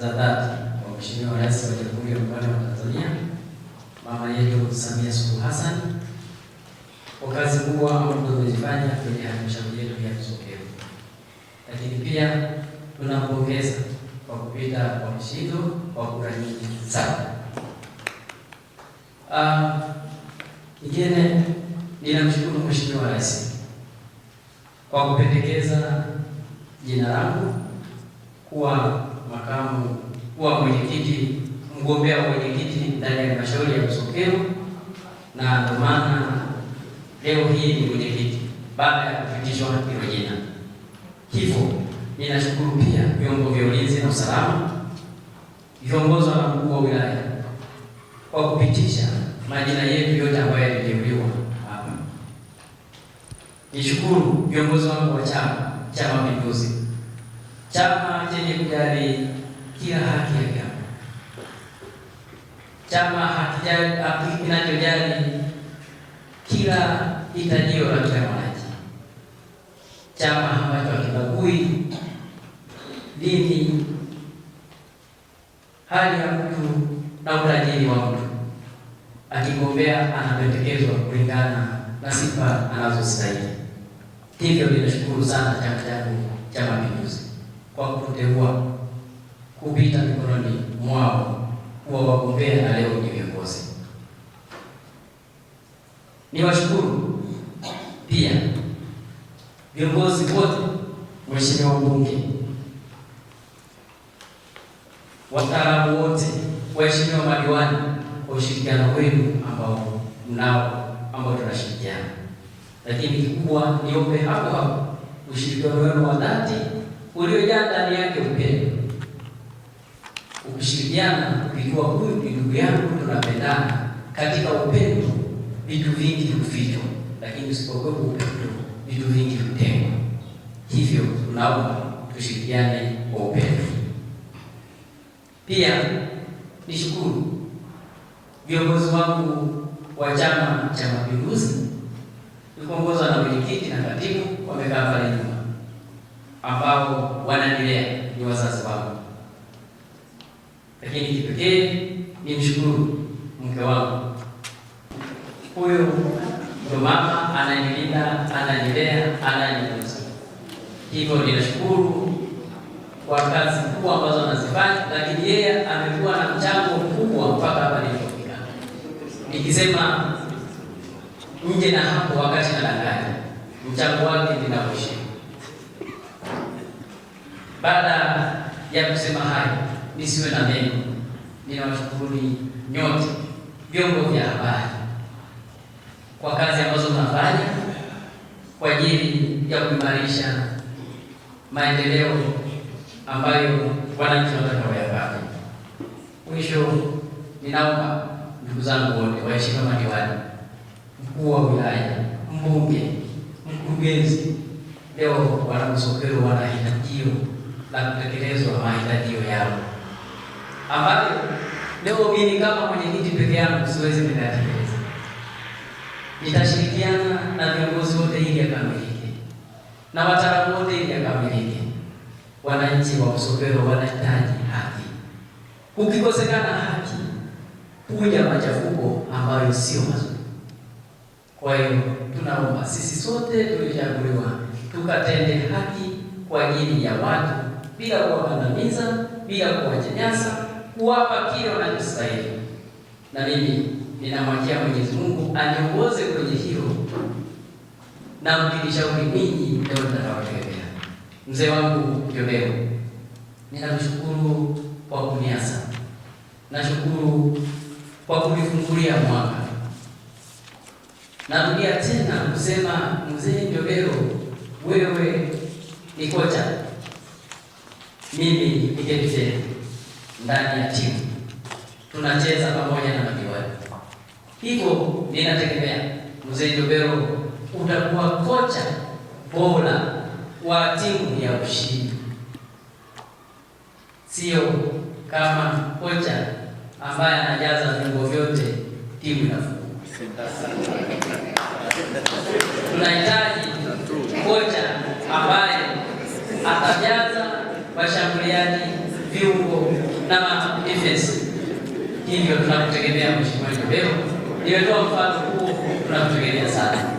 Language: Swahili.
za dhati kwa Mheshimiwa Rais wa Jamhuri ya Muungano wa Tanzania mama yetu Samia Suluhu Hassan kwa kazi kubwa ambayo amefanya kwenye halmashauri yetu ya Kisokero, lakini pia tunampongeza kwa kupita kwa mshindo kwa kura nyingi sana. Ah, Ingine ninamshukuru Mheshimiwa Rais kwa kupendekeza jina langu kuwa makamu kuwa mwenyekiti, mgombea mwenyekiti ndani ya halmashauri ya Msokero, na ndio maana leo hii ni mwenyekiti baada ya kupitishwa hilo jina. Hivyo ninashukuru pia vyombo vya ulinzi na usalama viongozwa na mkuu wa wilaya kwa kupitisha majina yetu yote ambayo yalijeuliwa hapa. Nishukuru viongozi wangu wa Chama cha Mapinduzi chama chenye kujali kila haki ya jamii, chama kinachojali kila hitajio la kila mwananchi, chama ambacho hakibagui dini, hali ya mtu na utajiri wa mtu. Akigombea anapendekezwa kulingana na sifa anazostahili. Hivyo ninashukuru sana chama changu kwa kutegua kupita mikononi mwao kuwa wagombea na leo ni viongozi. Niwashukuru pia viongozi wote, mheshimiwa mbunge, wataalamu wote, waheshimiwa madiwani kwa ushirikiano wenu ambao mnao ambao tunashirikiana, lakini kikubwa niombe hapo hapo ushirikiano wenu wa dhati uliojaa ndani yake upendo, ukishirikiana ukijua huyu ni ndugu yangu, tunapendana katika upendo. Vitu vingi hufichwa, lakini usipokuwepo upendo vitu vingi hutengwa. Hivyo tunaomba tushirikiane kwa upendo. Pia nishukuru viongozi wangu wa Chama cha Mapinduzi nikiongozwa na mwenyekiti na katibu, wamekaa pale nyuma ambao ninayelea ni wazazi wangu, lakini kipekee ni mshukuru mke wangu. Huyo ndo mama ananilinda, ananilea, ananiuza. Hivyo ninashukuru kwa kazi kubwa ambazo anazifanya, lakini yeye amekuwa na mchango mkubwa mpaka hapa nilipofika. Nikisema nje na hapo, wakati na danganya mchango wake Baada ya kusema hayo, nisiwe na mengi, Ninawashukuru nyote vyombo vya habari kwa kazi ambazo mnafanya kwa ajili ya kuimarisha maendeleo ambayo wananchi wanataka wayapate. Mwisho, ninaomba ndugu zangu wote, waheshimiwa madiwani, mkuu wa wilaya, mbunge, mkurugenzi, leo wanamsokero wanahitajio la kutekelezwa mahitajio yao ambayo leo mimi kama mwenyekiti peke yangu siwezi nikayatekeleza. Nitashirikiana na viongozi wote ili yakamilike na wataalamu wote ili yakamilike. Wananchi wa Usogelo wanahitaji haki. Kukikosekana haki, kuja machafuko ambayo sio mazuri. Kwa hiyo tunaomba sisi sote tulichaguliwa tukatende haki kwa ajili ya watu bila kuwakandamiza, bila kuwanyanyasa, kuwapa kile wanachostahili. Na mimi ninamwachia Mwenyezi Mungu aniongoze kwenye hilo, na mkinishauri ninyi leo nitakawategemea. Mzee wangu Jobeo, ninakushukuru kwa kuniasa, nashukuru kwa kunifungulia mwaka. Narudia tena kusema mzee Jobeo, wewe ni kocha mimi ni captain ndani ya timu, tunacheza pamoja na majiwani Hivyo ninategemea mzee Jobero utakuwa kocha bora wa timu ya ushindi, sio kama kocha ambaye anajaza viungo vyote timu inafunga. ufuatiliaji viungo na defense. Hivyo tunakutegemea Mheshimiwa Kibeho, nimetoa mfano huo, tunakutegemea sana.